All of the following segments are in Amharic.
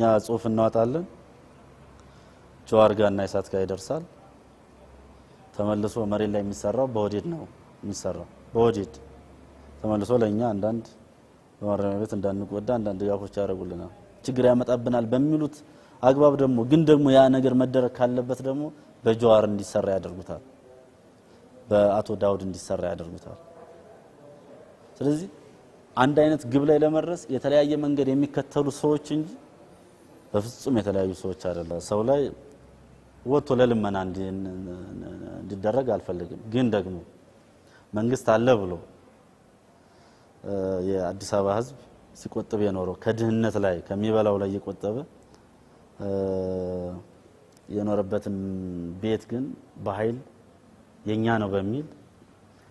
እኛ ጽሁፍ እናወጣለን፣ ጀዋር ጋር እና ኢሳት ጋር ይደርሳል። ተመልሶ መሬት ላይ የሚሰራው በወዴድ ነው የሚሰራው በወዴድ ተመልሶ ለእኛ አንዳንድ በማረሚያ ቤት እንዳንጎዳ አንዳንድ ድጋፎች ያደርጉልናል፣ ችግር ያመጣብናል በሚሉት አግባብ ደግሞ ግን ደግሞ ያ ነገር መደረግ ካለበት ደግሞ በጀዋር እንዲሰራ ያደርጉታል፣ በአቶ ዳውድ እንዲሰራ ያደርጉታል። ስለዚህ አንድ አይነት ግብ ላይ ለመድረስ የተለያየ መንገድ የሚከተሉ ሰዎች እንጂ በፍጹም የተለያዩ ሰዎች አይደለ። ሰው ላይ ወጥቶ ለልመና እንዲደረግ አልፈልግም። ግን ደግሞ መንግስት አለ ብሎ የአዲስ አበባ ህዝብ ሲቆጥብ የኖረው ከድህነት ላይ ከሚበላው ላይ እየቆጠበ የኖረበትን ቤት ግን በኃይል የኛ ነው በሚል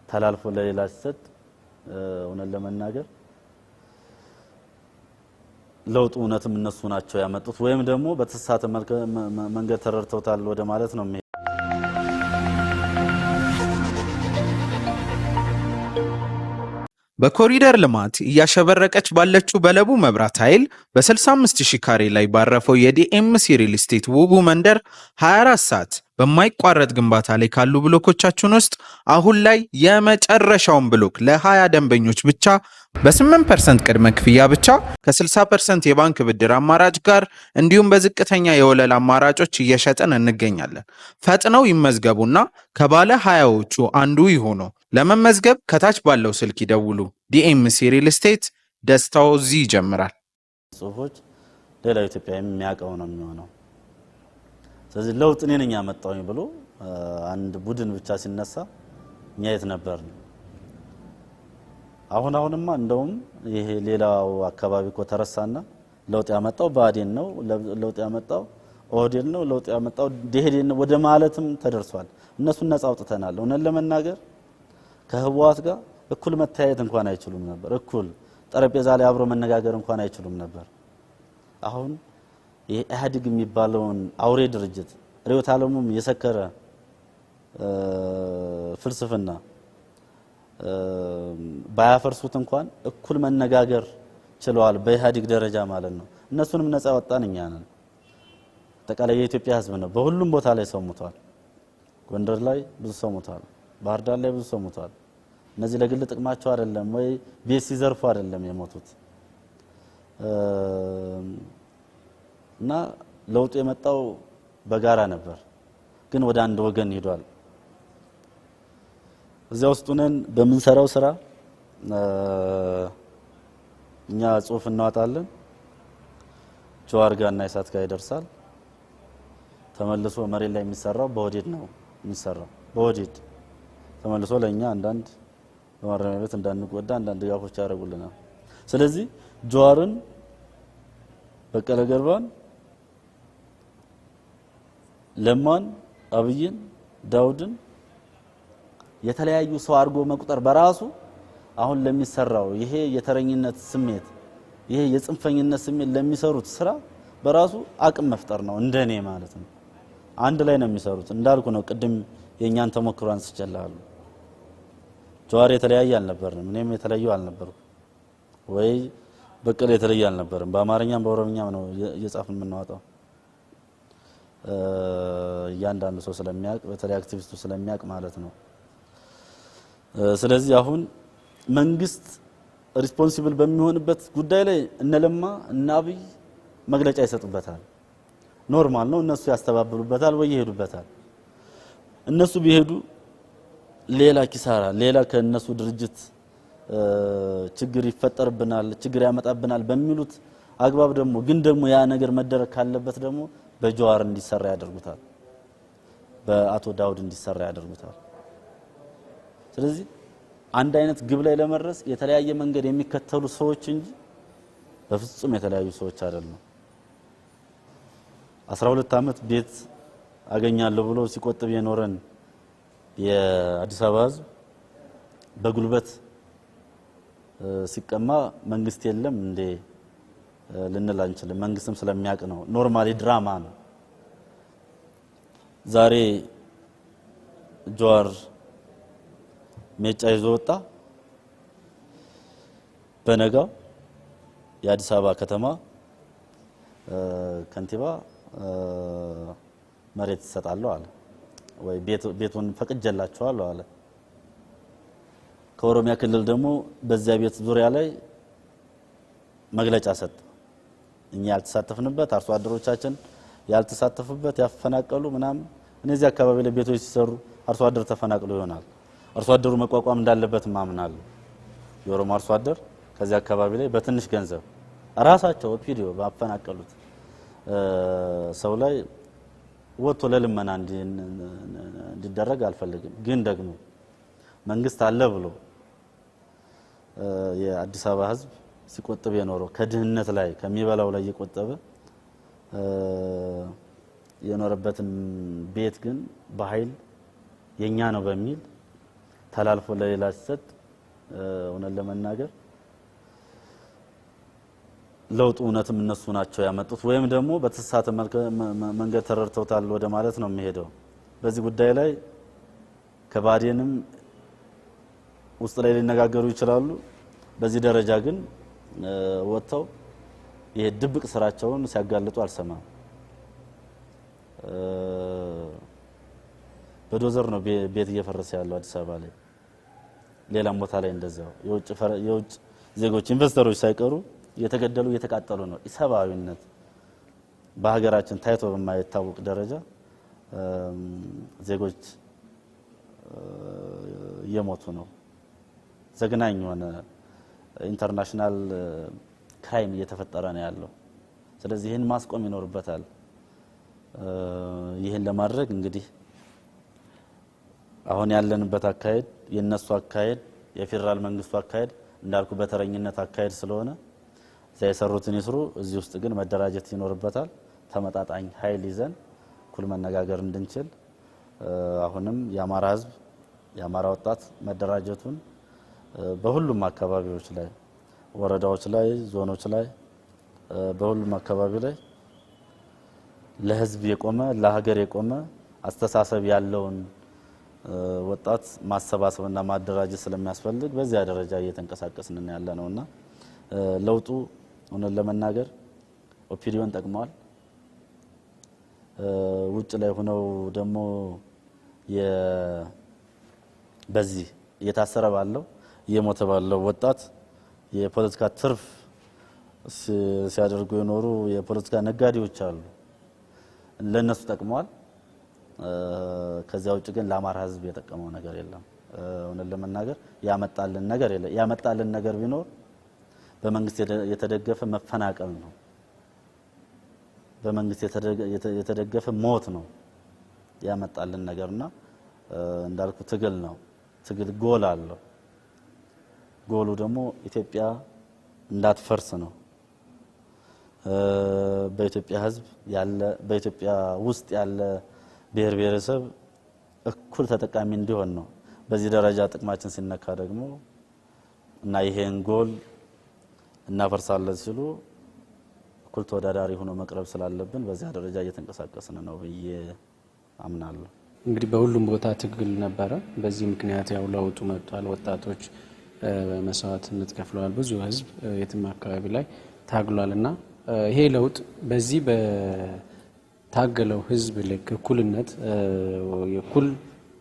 ተላልፎ ለሌላ ሲሰጥ እውነት ለመናገር ለውጡ እውነትም እነሱ ናቸው ያመጡት ወይም ደግሞ በተሳሳተ መንገድ ተረድተውታል ወደ ማለት ነው። በኮሪደር ልማት እያሸበረቀች ባለችው በለቡ መብራት ኃይል በ65 ሺህ ካሬ ላይ ባረፈው የዲኤምሲ ሪል ስቴት ውቡ መንደር 24 ሰዓት በማይቋረጥ ግንባታ ላይ ካሉ ብሎኮቻችን ውስጥ አሁን ላይ የመጨረሻውን ብሎክ ለ20 ደንበኞች ብቻ በ8% ቅድመ ክፍያ ብቻ ከ60% የባንክ ብድር አማራጭ ጋር እንዲሁም በዝቅተኛ የወለል አማራጮች እየሸጠን እንገኛለን። ፈጥነው ይመዝገቡና ከባለ 20ዎቹ አንዱ ይሆኑ። ለመመዝገብ ከታች ባለው ስልክ ይደውሉ። ዲኤምሲ ሪል ስቴት ደስታው እዚህ ይጀምራል። ጽሁፎች ሌላው ኢትዮጵያ የሚያውቀው ነው የሚሆነው ስለዚህ ለውጥ እኔ ነኝ ያመጣውኝ ብሎ አንድ ቡድን ብቻ ሲነሳ እኛ የት ነበር? አሁን አሁንማ እንደውም ይሄ ሌላው አካባቢ እኮ ተረሳና ለውጥ ያመጣው ብአዴን ነው፣ ለውጥ ያመጣው ኦህዴድ ነው፣ ለውጥ ያመጣው ደኢህዴን ነው ወደ ማለትም ተደርሷል። እነሱን ነጻ አውጥተናል። እውነት ለመናገር ከህወሓት ጋር እኩል መተያየት እንኳን አይችሉም ነበር። እኩል ጠረጴዛ ላይ አብሮ መነጋገር እንኳን አይችሉም ነበር አሁን ይሄ ኢህአዴግ የሚባለውን አውሬ ድርጅት ርዕዮተ ዓለሙም የሰከረ ፍልስፍና ባያፈርሱት እንኳን እኩል መነጋገር ችለዋል፣ በኢህአዴግ ደረጃ ማለት ነው። እነሱንም ነጻ ወጣን እኛ ነን። አጠቃላይ የኢትዮጵያ ህዝብ ነው። በሁሉም ቦታ ላይ ሰው ሙቷል። ጎንደር ላይ ብዙ ሰው ሙቷል። ባህር ዳር ላይ ብዙ ሰው ሙቷል። እነዚህ ለግል ጥቅማቸው አይደለም ወይ ቤት ሲዘርፉ አይደለም የሞቱት እና ለውጡ የመጣው በጋራ ነበር፣ ግን ወደ አንድ ወገን ሄዷል። እዚያ ውስጥ ሆነን በምንሰራው ስራ እኛ ጽሁፍ እናወጣለን። ጀዋር ጋር እና እሳት ጋር ይደርሳል። ተመልሶ መሬት ላይ የሚሰራው በወዴድ ነው የሚሰራው። በወዴድ ተመልሶ ለእኛ አንዳንድ በማረሚያ ቤት እንዳንጎዳ አንዳንድ ድጋፎች ያደርጉልናል። ስለዚህ ጀዋርን፣ በቀለ ገርባን ለማን አብይን ዳውድን የተለያዩ ሰው አድርጎ መቁጠር በራሱ አሁን ለሚሰራው ይሄ የተረኝነት ስሜት ይሄ የጽንፈኝነት ስሜት ለሚሰሩት ስራ በራሱ አቅም መፍጠር ነው። እንደኔ ማለት ነው። አንድ ላይ ነው የሚሰሩት። እንዳልኩ ነው ቅድም የእኛን ተሞክሮ አንስቼልሃለሁ። ጀዋር የተለያየ አልነበርንም። እኔም የተለዩ አልነበርኩ ወይ በቀል የተለየ አልነበርም። በአማርኛም በኦሮምኛም ነው እየጻፍን የምናወጣው። እያንዳንዱ ሰው ስለሚያውቅ በተለይ አክቲቪስቱ ስለሚያውቅ ማለት ነው። ስለዚህ አሁን መንግስት ሪስፖንሲብል በሚሆንበት ጉዳይ ላይ እነለማ እነ አብይ መግለጫ ይሰጡበታል። ኖርማል ነው። እነሱ ያስተባብሉበታል ወይ ይሄዱበታል። እነሱ ቢሄዱ ሌላ ኪሳራ፣ ሌላ ከእነሱ ድርጅት ችግር ይፈጠርብናል፣ ችግር ያመጣብናል በሚሉት አግባብ ደግሞ ግን ደግሞ ያ ነገር መደረግ ካለበት ደግሞ በጀዋር እንዲሰራ ያደርጉታል፣ በአቶ ዳውድ እንዲሰራ ያደርጉታል። ስለዚህ አንድ አይነት ግብ ላይ ለመድረስ የተለያየ መንገድ የሚከተሉ ሰዎች እንጂ በፍጹም የተለያዩ ሰዎች አይደሉም። 12 ዓመት ቤት አገኛለሁ ብሎ ሲቆጥብ የኖረን የአዲስ አበባ ሕዝብ በጉልበት ሲቀማ መንግስት የለም እንዴ ልንል አንችልም። መንግስትም ስለሚያውቅ ነው። ኖርማሊ ድራማ ነው። ዛሬ ጀዋር ሜጫ ይዞ ወጣ። በነጋው የአዲስ አበባ ከተማ ከንቲባ መሬት ይሰጣለሁ አለ ወይ ቤቱን ፈቅጀላቸዋለሁ አለ። ከኦሮሚያ ክልል ደግሞ በዚያ ቤት ዙሪያ ላይ መግለጫ ሰጠ። እኛ ያልተሳተፍንበት አርሶ አደሮቻችን ያልተሳተፉበት ያፈናቀሉ ምናምን እነዚህ አካባቢ ላይ ቤቶች ሲሰሩ አርሶ አደር ተፈናቅሎ ይሆናል። አርሶ አደሩ መቋቋም እንዳለበት ማምናለሁ። የኦሮሞ አርሶ አደር ከዚህ አካባቢ ላይ በትንሽ ገንዘብ ራሳቸው ኦፒዲዮ ባፈናቀሉት ሰው ላይ ወጥቶ ለልመና እንዲደረግ አልፈልግም። ግን ደግሞ መንግስት አለ ብሎ የአዲስ አበባ ህዝብ። ሲቆጥብ የኖረው ከድህነት ላይ ከሚበላው ላይ እየቆጠበ የኖረበትን ቤት ግን በኃይል የኛ ነው በሚል ተላልፎ ለሌላ ሲሰጥ እውነት ለመናገር ለውጡ እውነትም እነሱ ናቸው ያመጡት ወይም ደግሞ በተሳተ መንገድ ተረድተውታል ወደ ማለት ነው የሚሄደው። በዚህ ጉዳይ ላይ ከባዴንም ውስጥ ላይ ሊነጋገሩ ይችላሉ። በዚህ ደረጃ ግን ወጥተው ይሄ ድብቅ ስራቸውን ሲያጋልጡ አልሰማም። በዶዘር ነው ቤት እየፈረሰ ያለው አዲስ አበባ ላይ፣ ሌላም ቦታ ላይ እንደዚያው የውጭ ዜጎች ኢንቨስተሮች ሳይቀሩ እየተገደሉ እየተቃጠሉ ነው። ኢሰብአዊነት በሀገራችን ታይቶ በማይታወቅ ደረጃ ዜጎች እየሞቱ ነው። ዘግናኝ የሆነ ኢንተርናሽናል ክራይም እየተፈጠረ ነው ያለው። ስለዚህ ይህን ማስቆም ይኖርበታል። ይህን ለማድረግ እንግዲህ አሁን ያለንበት አካሄድ የእነሱ አካሄድ የፌዴራል መንግስቱ አካሄድ እንዳልኩ በተረኝነት አካሄድ ስለሆነ እዚያ የሰሩትን ይስሩ። እዚህ ውስጥ ግን መደራጀት ይኖርበታል። ተመጣጣኝ ኃይል ይዘን እኩል መነጋገር እንድንችል አሁንም የአማራ ህዝብ የአማራ ወጣት መደራጀቱን በሁሉም አካባቢዎች ላይ ወረዳዎች ላይ ዞኖች ላይ በሁሉም አካባቢ ላይ ለህዝብ የቆመ ለሀገር የቆመ አስተሳሰብ ያለውን ወጣት ማሰባሰብና ማደራጀት ስለሚያስፈልግ በዚያ ደረጃ እየተንቀሳቀስን ያለ ነውና ለውጡ እውነት ለመናገር ኦፒዲዮን ጠቅመዋል። ውጭ ላይ ሆነው ደግሞ በዚህ እየታሰረ ባለው እየሞተ ባለው ወጣት የፖለቲካ ትርፍ ሲያደርጉ የኖሩ የፖለቲካ ነጋዴዎች አሉ። ለነሱ ጠቅመዋል። ከዚያ ውጭ ግን ለአማራ ሕዝብ የጠቀመው ነገር የለም። እውነት ለመናገር ያመጣልን ነገር የለም። ያመጣልን ነገር ቢኖር በመንግስት የተደገፈ መፈናቀል ነው። በመንግስት የተደገፈ ሞት ነው ያመጣልን ነገርና እንዳልኩ ትግል ነው። ትግል ጎል አለው። ጎሉ ደግሞ ኢትዮጵያ እንዳትፈርስ ነው። በኢትዮጵያ ሕዝብ ያለ በኢትዮጵያ ውስጥ ያለ ብሔር ብሔረሰብ እኩል ተጠቃሚ እንዲሆን ነው። በዚህ ደረጃ ጥቅማችን ሲነካ ደግሞ እና ይሄን ጎል እናፈርሳለን ሲሉ እኩል ተወዳዳሪ ሆኖ መቅረብ ስላለብን በዚያ ደረጃ እየተንቀሳቀስን ነው ብዬ አምናለሁ። እንግዲህ በሁሉም ቦታ ትግል ነበረ። በዚህ ምክንያት ያው ለውጡ መጥቷል። ወጣቶች መስዋዕትነት ከፍለዋል። ብዙ ህዝብ የትም አካባቢ ላይ ታግሏል እና ይሄ ለውጥ በዚህ በታገለው ህዝብ ልክ እኩልነት የኩል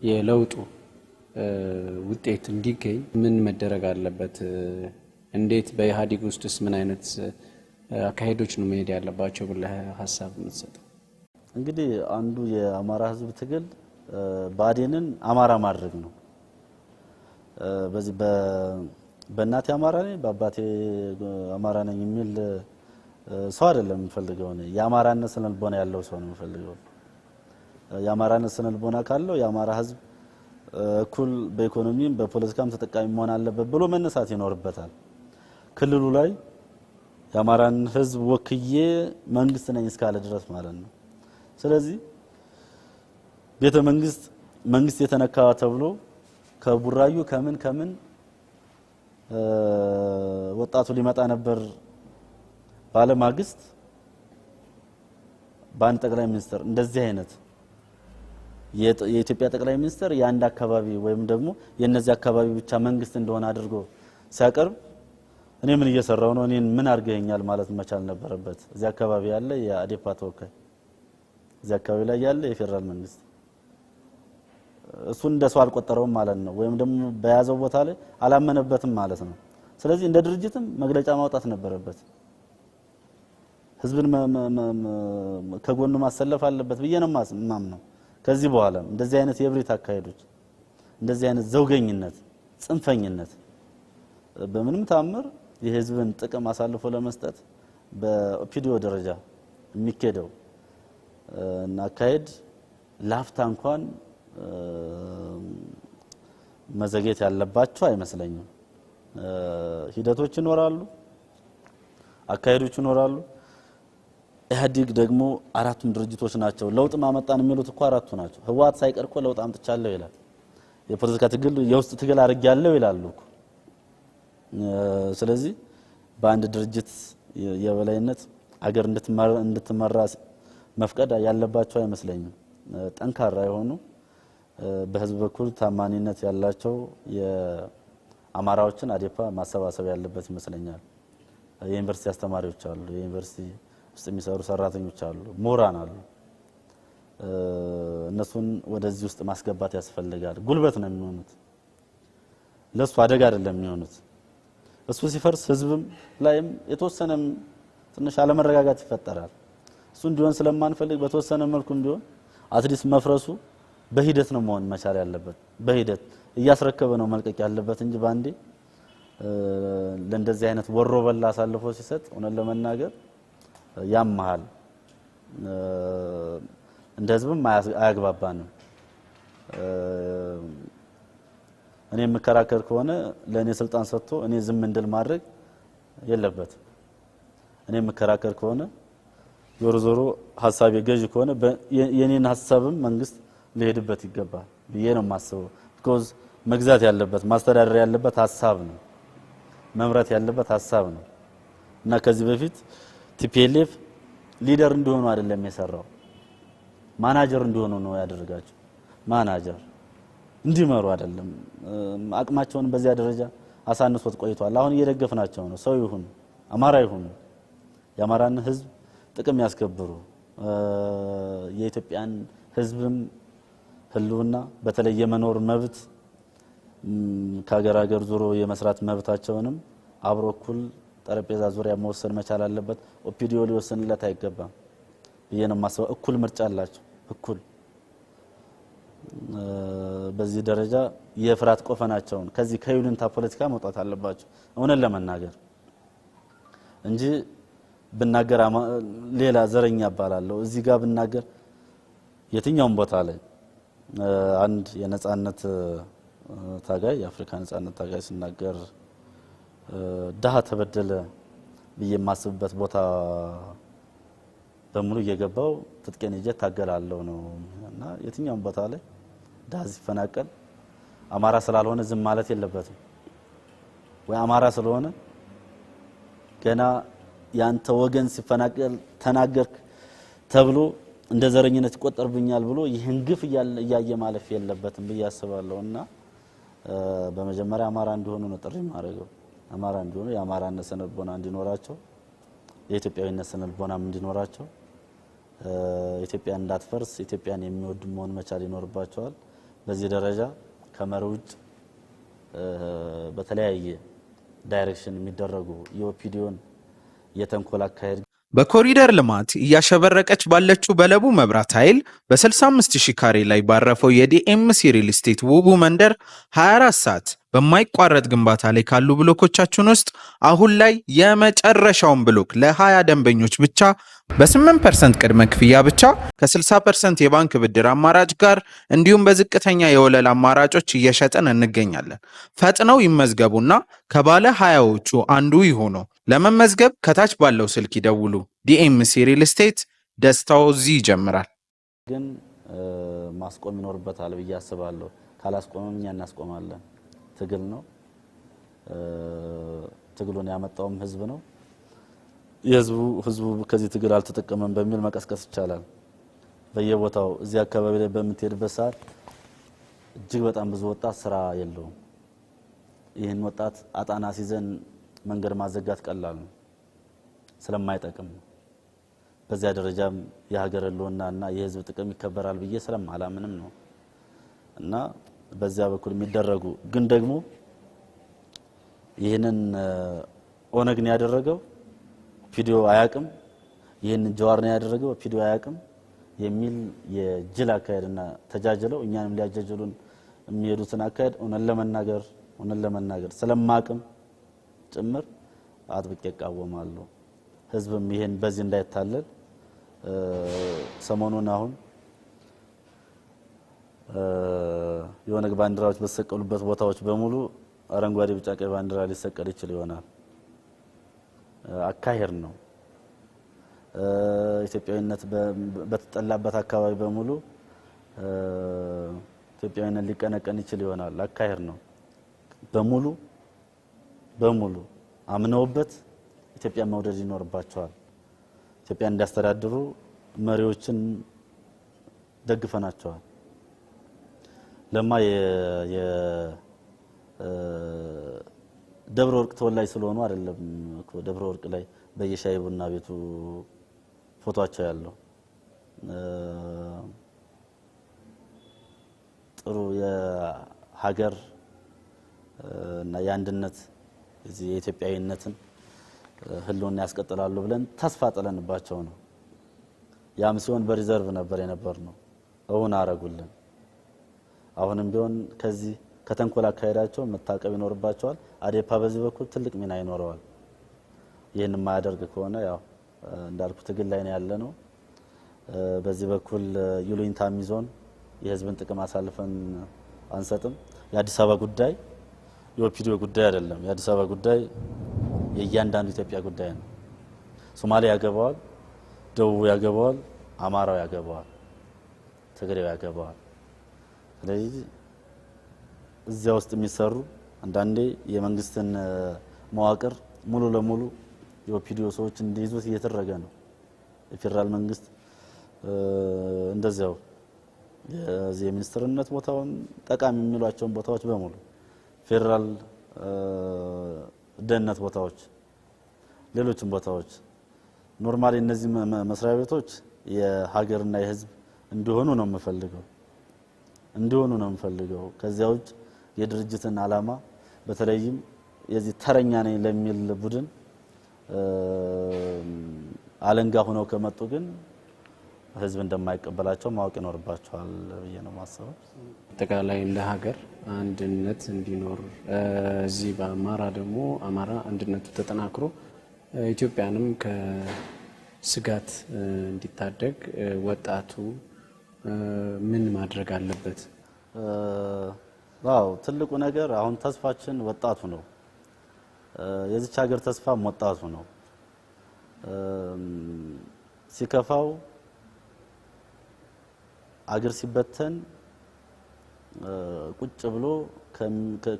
የለውጡ ውጤት እንዲገኝ ምን መደረግ አለበት? እንዴት በኢህአዴግ ውስጥስ ምን አይነት አካሄዶች ነው መሄድ ያለባቸው ብለህ ሀሳብ የምትሰጠው? እንግዲህ አንዱ የአማራ ህዝብ ትግል ብአዴንን አማራ ማድረግ ነው። በዚህ በእናቴ አማራ ነኝ በአባቴ አማራ ነኝ የሚል ሰው አይደለም የምፈልገው። የአማራነት ስነ ልቦና ያለው ሰው ነው የምፈልገው። የአማራነት ስነ ልቦና ካለው የአማራ ሕዝብ እኩል በኢኮኖሚም በፖለቲካም ተጠቃሚ መሆን አለበት ብሎ መነሳት ይኖርበታል። ክልሉ ላይ የአማራን ሕዝብ ወክዬ መንግስት ነኝ እስካለ ድረስ ማለት ነው። ስለዚህ ቤተ መንግስት መንግስት የተነካ ተብሎ ከቡራዩ ከምን ከምን ወጣቱ ሊመጣ ነበር ባለማግስት በአንድ ጠቅላይ ሚኒስትር እንደዚህ አይነት የኢትዮጵያ ጠቅላይ ሚኒስትር የአንድ አካባቢ ወይም ደግሞ የነዚህ አካባቢ ብቻ መንግስት እንደሆነ አድርጎ ሲያቀርብ እኔ ምን እየሰራው ነው? እኔን ምን አድርገኛል ማለት መቻል ነበረበት። እዚህ አካባቢ ያለ የአዴፓ ተወካይ፣ እዚህ አካባቢ ላይ ያለ የፌዴራል መንግስት እሱን እንደ ሰው አልቆጠረውም ማለት ነው። ወይም ደግሞ በያዘው ቦታ ላይ አላመነበትም ማለት ነው። ስለዚህ እንደ ድርጅትም መግለጫ ማውጣት ነበረበት፣ ህዝብን ከጎኑ ማሰለፍ አለበት ብዬ ነው የማምነው። ከዚህ በኋላ እንደዚህ አይነት የእብሪት አካሄዶች፣ እንደዚህ አይነት ዘውገኝነት፣ ጽንፈኝነት በምንም ታምር የህዝብን ጥቅም አሳልፎ ለመስጠት በኦፒዲዮ ደረጃ የሚኬደው አካሄድ ላፍታ እንኳን መዘጌት ያለባቸው አይመስለኝም። ሂደቶች ይኖራሉ፣ አካሄዶች ይኖራሉ። ኢህአዲግ ደግሞ አራቱም ድርጅቶች ናቸው ለውጥ ማመጣን የሚሉት እኮ አራቱ ናቸው። ህወሓት ሳይቀር እኮ ለውጥ አምጥቻለሁ ይላል። የፖለቲካ ትግል የውስጥ ትግል አድርጌያለሁ ይላሉ እኮ። ስለዚህ በአንድ ድርጅት የበላይነት አገር እንድትመራ መፍቀድ ያለባቸው አይመስለኝም። ጠንካራ የሆኑ በህዝብ በኩል ታማኒነት ያላቸው የአማራዎችን አዴፓ ማሰባሰብ ያለበት ይመስለኛል። የዩኒቨርሲቲ አስተማሪዎች አሉ፣ የዩኒቨርሲቲ ውስጥ የሚሰሩ ሰራተኞች አሉ፣ ምሁራን አሉ። እነሱን ወደዚህ ውስጥ ማስገባት ያስፈልጋል። ጉልበት ነው የሚሆኑት፣ ለእሱ አደጋ አይደለም የሚሆኑት። እሱ ሲፈርስ ህዝብም ላይም የተወሰነም ትንሽ አለመረጋጋት ይፈጠራል። እሱ እንዲሆን ስለማንፈልግ በተወሰነ መልኩም እንዲሆን አትሊስት መፍረሱ በሂደት ነው መሆን መቻል ያለበት። በሂደት እያስረከበ ነው መልቀቅ ያለበት እንጂ ባንዴ ለእንደዚህ አይነት ወሮ በላ አሳልፎ ሲሰጥ እውነት ለመናገር ያመሃል፣ እንደ ህዝብም አያግባባንም። እኔ የምከራከር ከሆነ ለእኔ ስልጣን ሰጥቶ እኔ ዝም እንድል ማድረግ የለበትም። እኔ የምከራከር ከሆነ ዞሮ ዞሮ ሀሳቤ ገዥ ከሆነ የኔን ሀሳብም መንግስት ሊሄድበት ይገባል ብዬ ነው የማስበው። ቢኮዝ መግዛት ያለበት ማስተዳደር ያለበት ሀሳብ ነው፣ መምራት ያለበት ሀሳብ ነው እና ከዚህ በፊት ቲፒኤልኤፍ ሊደር እንዲሆኑ አይደለም የሰራው፣ ማናጀር እንዲሆኑ ነው ያደረጋቸው። ማናጀር እንዲመሩ አይደለም። አቅማቸውን በዚያ ደረጃ አሳንሶት ቆይቷል። አሁን እየደገፍናቸው ነው። ሰው ይሁን አማራ ይሁን የአማራን ህዝብ ጥቅም ያስከብሩ የኢትዮጵያን ህዝብም። ህልውና በተለይ የመኖር መብት ከሀገር ሀገር ዙሮ የመስራት መብታቸውንም አብሮ እኩል ጠረጴዛ ዙሪያ መወሰን መቻል አለበት። ኦፒዲዮ ሊወሰንለት አይገባም ብዬ ነው የማስበው። እኩል ምርጫ አላቸው። እኩል በዚህ ደረጃ የፍርሃት ቆፈናቸውን ከዚህ ከዩልንታ ፖለቲካ መውጣት አለባቸው እውነት ለመናገር እንጂ ብናገር ሌላ ዘረኛ እባላለሁ እዚህ ጋር ብናገር የትኛውም ቦታ ላይ አንድ የነጻነት ታጋይ የአፍሪካ ነጻነት ታጋይ ሲናገር ድሀ ተበደለ ብዬ የማስብበት ቦታ በሙሉ እየገባው ትጥቄን ይዤ እታገላለሁ ነው እና የትኛውም ቦታ ላይ ድሀ ሲፈናቀል አማራ ስላልሆነ ዝም ማለት የለበትም ወይ አማራ ስለሆነ ገና ያንተ ወገን ሲፈናቀል ተናገርክ ተብሎ እንደ ዘረኝነት ይቆጠርብኛል ብሎ ይህን ግፍ እያየ ማለፍ የለበትም ብዬ አስባለሁ እና በመጀመሪያ አማራ እንዲሆኑ ነው ጥሪ ማድረገው። አማራ እንዲሆኑ የአማራነት ስነልቦና እንዲኖራቸው፣ የኢትዮጵያዊነት ስነልቦናም እንዲኖራቸው፣ ኢትዮጵያን እንዳትፈርስ ኢትዮጵያን የሚወድ መሆን መቻል ይኖርባቸዋል። በዚህ ደረጃ ከመሪ ውጭ በተለያየ ዳይሬክሽን የሚደረጉ የኦፒዲዮን የተንኮል አካሄድ በኮሪደር ልማት እያሸበረቀች ባለችው በለቡ መብራት ኃይል በ65000 ካሬ ላይ ባረፈው የዲኤምሲ ሪል ስቴት ውቡ መንደር 24 ሰዓት በማይቋረጥ ግንባታ ላይ ካሉ ብሎኮቻችን ውስጥ አሁን ላይ የመጨረሻውን ብሎክ ለ20 ደንበኞች ብቻ በ8% ቅድመ ክፍያ ብቻ ከ60% የባንክ ብድር አማራጭ ጋር እንዲሁም በዝቅተኛ የወለል አማራጮች እየሸጠን እንገኛለን። ፈጥነው ይመዝገቡና ከባለ 20ዎቹ አንዱ ይሆነው። ለመመዝገብ ከታች ባለው ስልክ ይደውሉ። ዲኤምሲ ሪል ስቴት ደስታው እዚህ ይጀምራል። ግን ማስቆም ይኖርበታል ብዬ አስባለሁ። ካላስቆመም እኛ እናስቆማለን። ትግል ነው። ትግሉን ያመጣውም ህዝብ ነው። የህዝቡ ህዝቡ ከዚህ ትግል አልተጠቀመም በሚል መቀስቀስ ይቻላል። በየቦታው እዚህ አካባቢ ላይ በምትሄድበት ሰዓት እጅግ በጣም ብዙ ወጣት ስራ የለውም። ይህን ወጣት አጣና ሲዘን መንገድ ማዘጋት ቀላል ነው፣ ስለማይጠቅም ነው። በዚያ ደረጃም የሀገር ህልውናና የህዝብ ጥቅም ይከበራል ብዬ ስለማላምንም ነው እና በዚያ በኩል የሚደረጉ ግን ደግሞ ይህንን ኦነግ ነው ያደረገው ፒዲዮ አያቅም፣ ይህንን ጀዋር ነው ያደረገው ፒዲዮ አያቅም የሚል የጅል አካሄድና ተጃጅለው እኛንም ሊያጃጅሉን የሚሄዱትን አካሄድ እውነት ለመናገር እውነት ለመናገር ስለማቅም ጭምር አጥብቄ እቃወማለሁ። ህዝብም ይሄን በዚህ እንዳይታለል ሰሞኑን አሁን የኦነግ ባንዲራዎች በተሰቀሉበት ቦታዎች በሙሉ አረንጓዴ፣ ቢጫ፣ ቀይ ባንዲራ ሊሰቀል ይችል ይሆናል። አካሄድ ነው። ኢትዮጵያዊነት በተጠላበት አካባቢ በሙሉ ኢትዮጵያዊነት ሊቀነቀን ይችል ይሆናል። አካሄድ ነው በሙሉ በሙሉ አምነውበት ኢትዮጵያን መውደድ ይኖርባቸዋል። ኢትዮጵያን እንዲያስተዳድሩ መሪዎችን ደግፈናቸዋል። ለማ የደብረ ወርቅ ተወላጅ ስለሆኑ አይደለም እኮ ደብረ ወርቅ ላይ በየሻይ ቡና ቤቱ ፎቶቸው ያለው ጥሩ የሀገር እና የአንድነት እዚህ የኢትዮጵያዊነትን ህልውና ያስቀጥላሉ ብለን ተስፋ ጥለንባቸው ነው። ያም ሲሆን በሪዘርቭ ነበር የነበር ነው እውን አረጉልን። አሁንም ቢሆን ከዚህ ከተንኮል አካሄዳቸው መታቀብ ይኖርባቸዋል። አዴፓ በዚህ በኩል ትልቅ ሚና ይኖረዋል። ይህን የማያደርግ ከሆነ ያው እንዳልኩ ትግል ላይ ነው ያለ ነው። በዚህ በኩል ይሉኝታ የሚዞን የህዝብን ጥቅም አሳልፈን አንሰጥም። የአዲስ አበባ ጉዳይ የኦፒዲዮ ጉዳይ አይደለም። የአዲስ አበባ ጉዳይ የእያንዳንዱ ኢትዮጵያ ጉዳይ ነው። ሶማሌ ያገባዋል፣ ደቡብ ያገባዋል፣ አማራው ያገባዋል፣ ትግሬው ያገባዋል። ስለዚህ እዚያ ውስጥ የሚሰሩ አንዳንዴ የመንግስትን መዋቅር ሙሉ ለሙሉ የኦፒዲዮ ሰዎች እንዲይዙት እየተደረገ ነው። የፌዴራል መንግስት እንደዚያው የሚኒስትርነት ቦታውን ጠቃሚ የሚሏቸውን ቦታዎች በሙሉ ፌዴራል ደህንነት ቦታዎች፣ ሌሎችም ቦታዎች ኖርማሊ እነዚህ መስሪያ ቤቶች የሀገርና የህዝብ እንዲሆኑ ነው የምፈልገው እንዲሆኑ ነው የምፈልገው። ከዚያ ውጭ የድርጅትን አላማ በተለይም የዚህ ተረኛ ነኝ ለሚል ቡድን አለንጋ ሆነው ከመጡ ግን ህዝብ እንደማይቀበላቸው ማወቅ ይኖርባቸዋል ብዬ ነው ማስበው። አጠቃላይ እንደ ሀገር አንድነት እንዲኖር እዚህ በአማራ ደግሞ አማራ አንድነቱ ተጠናክሮ ኢትዮጵያንም ከስጋት እንዲታደግ ወጣቱ ምን ማድረግ አለበት? ዋው ትልቁ ነገር አሁን ተስፋችን ወጣቱ ነው። የዚች ሀገር ተስፋም ወጣቱ ነው። ሲከፋው አገር ሲበተን ቁጭ ብሎ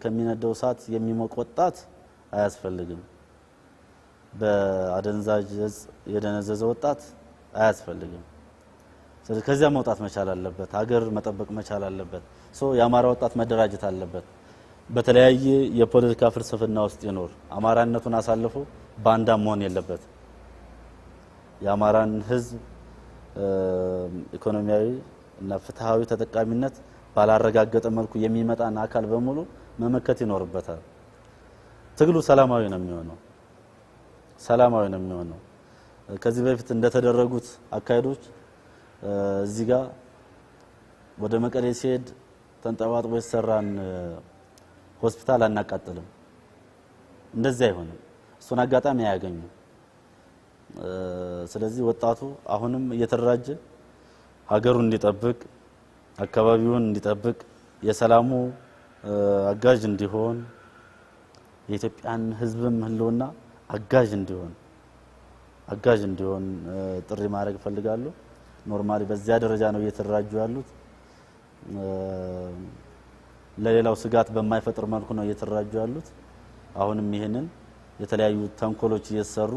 ከሚነደው እሳት የሚሞቅ ወጣት አያስፈልግም። በአደንዛዥ እጽ የደነዘዘ ወጣት አያስፈልግም። ስለዚህ ከዚያ መውጣት መቻል አለበት። ሀገር መጠበቅ መቻል አለበት። የአማራ ወጣት መደራጀት አለበት። በተለያየ የፖለቲካ ፍልስፍና ውስጥ ይኖር አማራነቱን አሳልፎ ባንዳ መሆን የለበት። የአማራን ህዝብ ኢኮኖሚያዊ እና ፍትሃዊ ተጠቃሚነት ባላረጋገጠ መልኩ የሚመጣን አካል በሙሉ መመከት ይኖርበታል። ትግሉ ሰላማዊ ነው የሚሆነው ሰላማዊ ነው የሚሆነው። ከዚህ በፊት እንደተደረጉት አካሄዶች እዚህ ጋር ወደ መቀሌ ሲሄድ ተንጠባጥቦ የተሰራን ሆስፒታል አናቃጥልም፣ እንደዚህ አይሆንም። እሱን አጋጣሚ አያገኙም። ስለዚህ ወጣቱ አሁንም እየተደራጀ ሀገሩን እንዲጠብቅ አካባቢውን እንዲጠብቅ የሰላሙ አጋዥ እንዲሆን የኢትዮጵያን ሕዝብም ህልውና አጋዥ እንዲሆን አጋዥ እንዲሆን ጥሪ ማድረግ እፈልጋለሁ። ኖርማሊ በዚያ ደረጃ ነው እየተደራጁ ያሉት። ለሌላው ስጋት በማይፈጥር መልኩ ነው እየተደራጁ ያሉት። አሁንም ይህንን የተለያዩ ተንኮሎች እየተሰሩ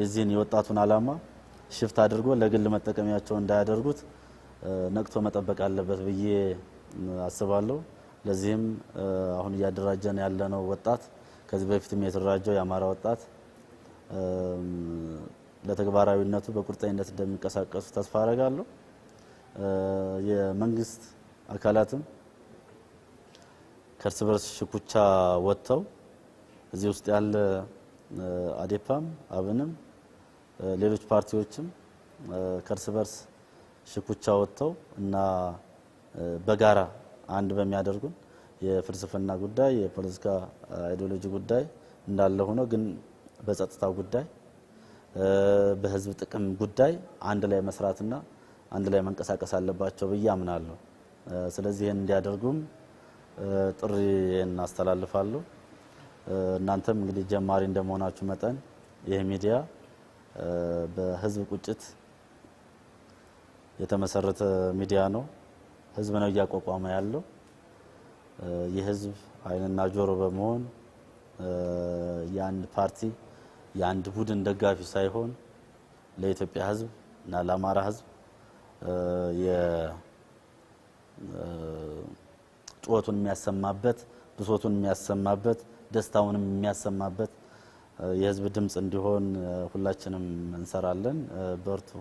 የዚህን የወጣቱን አላማ ሽፍት አድርጎ ለግል መጠቀሚያቸው እንዳያደርጉት ነቅቶ መጠበቅ አለበት ብዬ አስባለሁ። ለዚህም አሁን እያደራጀን ያለነው ወጣት ከዚህ በፊትም የተደራጀው የአማራ ወጣት ለተግባራዊነቱ በቁርጠኝነት እንደሚንቀሳቀሱ ተስፋ አረጋለሁ። የመንግስት አካላትም ከእርስ በርስ ሽኩቻ ወጥተው እዚህ ውስጥ ያለ አዴፓም፣ አብንም ሌሎች ፓርቲዎችም ከእርስ በርስ ሽኩቻ ወጥተው እና በጋራ አንድ በሚያደርጉን የፍልስፍና ጉዳይ የፖለቲካ አይዲዮሎጂ ጉዳይ እንዳለ ሆኖ ግን በጸጥታው ጉዳይ በህዝብ ጥቅም ጉዳይ አንድ ላይ መስራትና አንድ ላይ መንቀሳቀስ አለባቸው ብዬ አምናለሁ። ስለዚህ ይህን እንዲያደርጉም ጥሪ እናስተላልፋለሁ። እናንተም እንግዲህ ጀማሪ እንደመሆናችሁ መጠን ይህ ሚዲያ በህዝብ ቁጭት የተመሰረተ ሚዲያ ነው። ህዝብ ነው እያቋቋመ ያለው። የህዝብ አይንና ጆሮ በመሆን የአንድ ፓርቲ የአንድ ቡድን ደጋፊ ሳይሆን ለኢትዮጵያ ህዝብ እና ለአማራ ህዝብ ጩኸቱን የሚያሰማበት ብሶቱን የሚያሰማበት ደስታውንም የሚያሰማበት የህዝብ ድምፅ እንዲሆን ሁላችንም እንሰራለን። በርቱ።